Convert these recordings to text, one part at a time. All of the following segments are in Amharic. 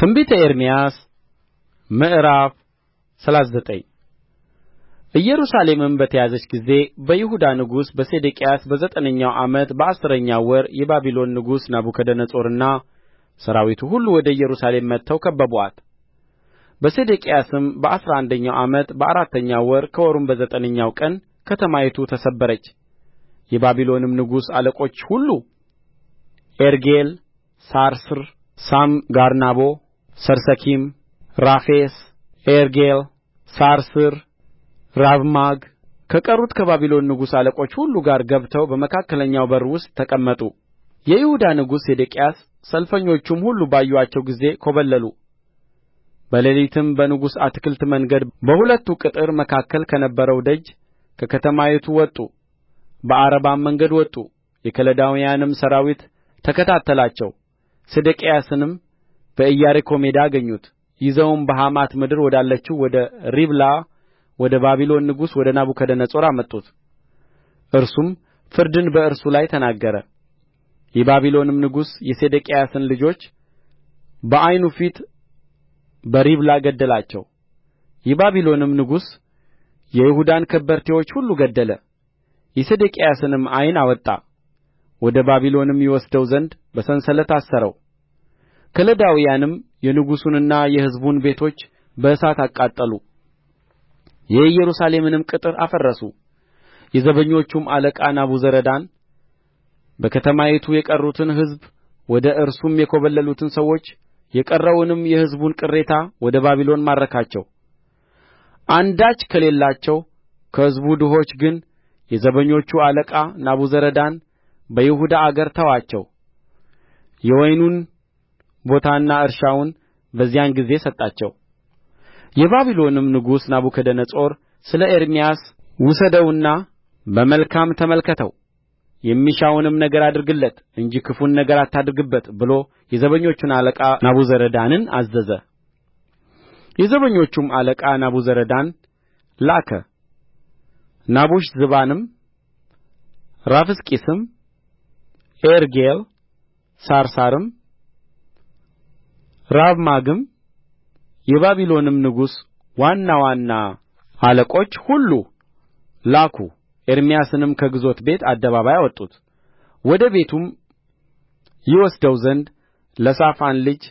ትንቢተ ኤርምያስ ምዕራፍ ሰላሳ ዘጠኝ ኢየሩሳሌምም በተያዘች ጊዜ በይሁዳ ንጉሥ በሴዴቅያስ በዘጠነኛው ዓመት በአሥረኛው ወር የባቢሎን ንጉሥ ናቡከደነፆርና ሠራዊቱ ሁሉ ወደ ኢየሩሳሌም መጥተው ከበቡአት በሴዴቅያስም በአሥራ አንደኛው ዓመት በአራተኛው ወር ከወሩም በዘጠነኛው ቀን ከተማይቱ ተሰበረች የባቢሎንም ንጉሥ አለቆች ሁሉ ኤርጌል ሳራስር ሳምጋርናቦ ሰርሰኪም ራፌስ ኤርጌል ሳራስር ራብማግ ከቀሩት ከባቢሎን ንጉሥ አለቆች ሁሉ ጋር ገብተው በመካከለኛው በር ውስጥ ተቀመጡ የይሁዳ ንጉሥ ሴዴቅያስ ሰልፈኞቹም ሁሉ ባዩአቸው ጊዜ ኰበለሉ በሌሊትም በንጉሡ አትክልት መንገድ በሁለቱ ቅጥር መካከል ከነበረው ደጅ ከከተማይቱ ወጡ በዓረባም መንገድ ወጡ የከለዳውያንም ሠራዊት ተከታተላቸው ሴዴቅያስንም በኢያሪኮ ሜዳ አገኙት ይዘውም በሐማት ምድር ወዳለችው ወደ ሪብላ ወደ ባቢሎን ንጉሥ ወደ ናቡከደነፆር አመጡት እርሱም ፍርድን በእርሱ ላይ ተናገረ የባቢሎንም ንጉሥ የሴዴቅያስን ልጆች በዓይኑ ፊት በሪብላ ገደላቸው የባቢሎንም ንጉሥ የይሁዳን ከበርቴዎች ሁሉ ገደለ የሴዴቅያስንም ዓይን አወጣ ወደ ባቢሎንም ይወስደው ዘንድ በሰንሰለት አሰረው ከለዳውያንም የንጉሡንና የሕዝቡን ቤቶች በእሳት አቃጠሉ የኢየሩሳሌምንም ቅጥር አፈረሱ የዘበኞቹም አለቃ ናቡዘረዳን በከተማይቱ የቀሩትን ሕዝብ ወደ እርሱም የኰበለሉትን ሰዎች የቀረውንም የሕዝቡን ቅሬታ ወደ ባቢሎን ማረካቸው አንዳች ከሌላቸው ከሕዝቡ ድሆች ግን የዘበኞቹ አለቃ ናቡዘረዳን በይሁዳ አገር ተዋቸው የወይኑን ቦታና እርሻውን በዚያን ጊዜ ሰጣቸው የባቢሎንም ንጉሥ ናቡከደነፆር ስለ ኤርምያስ ውሰደውና በመልካም ተመልከተው የሚሻውንም ነገር አድርግለት እንጂ ክፉን ነገር አታድርግበት ብሎ የዘበኞቹን አለቃ ናቡዘረዳንን አዘዘ የዘበኞቹም አለቃ ናቡዘረዳን ላከ ናቡሽዝባንም ራፋስቂስም ኤርጌል ሳራስርም ራብማግም የባቢሎንም ንጉሥ ዋና ዋና አለቆች ሁሉ ላኩ ኤርምያስንም ከግዞት ቤት አደባባይ አወጡት ወደ ቤቱም ይወስደው ዘንድ ለሳፋን ልጅ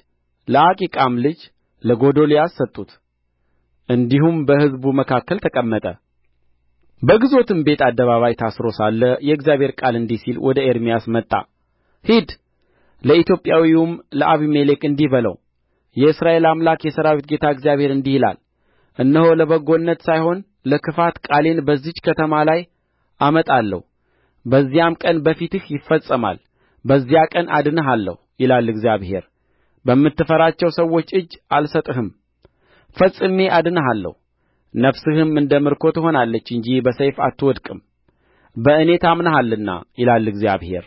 ለአኪቃም ልጅ ለጎዶልያስ ሰጡት እንዲሁም በሕዝቡ መካከል ተቀመጠ። በግዞትም ቤት አደባባይ ታስሮ ሳለ የእግዚአብሔር ቃል እንዲህ ሲል ወደ ኤርምያስ መጣ። ሂድ ለኢትዮጵያዊውም ለአቢሜሌክ እንዲህ በለው የእስራኤል አምላክ የሠራዊት ጌታ እግዚአብሔር እንዲህ ይላል እነሆ ለበጎነት ሳይሆን ለክፋት ቃሌን በዚህች ከተማ ላይ አመጣለሁ በዚያም ቀን በፊትህ ይፈጸማል በዚያ ቀን አድንሃለሁ ይላል እግዚአብሔር በምትፈራቸው ሰዎች እጅ አልሰጥህም ፈጽሜ አድንሃለሁ ነፍስህም እንደ ምርኮ ትሆናለች እንጂ በሰይፍ አትወድቅም በእኔ ታምነሃልና ይላል እግዚአብሔር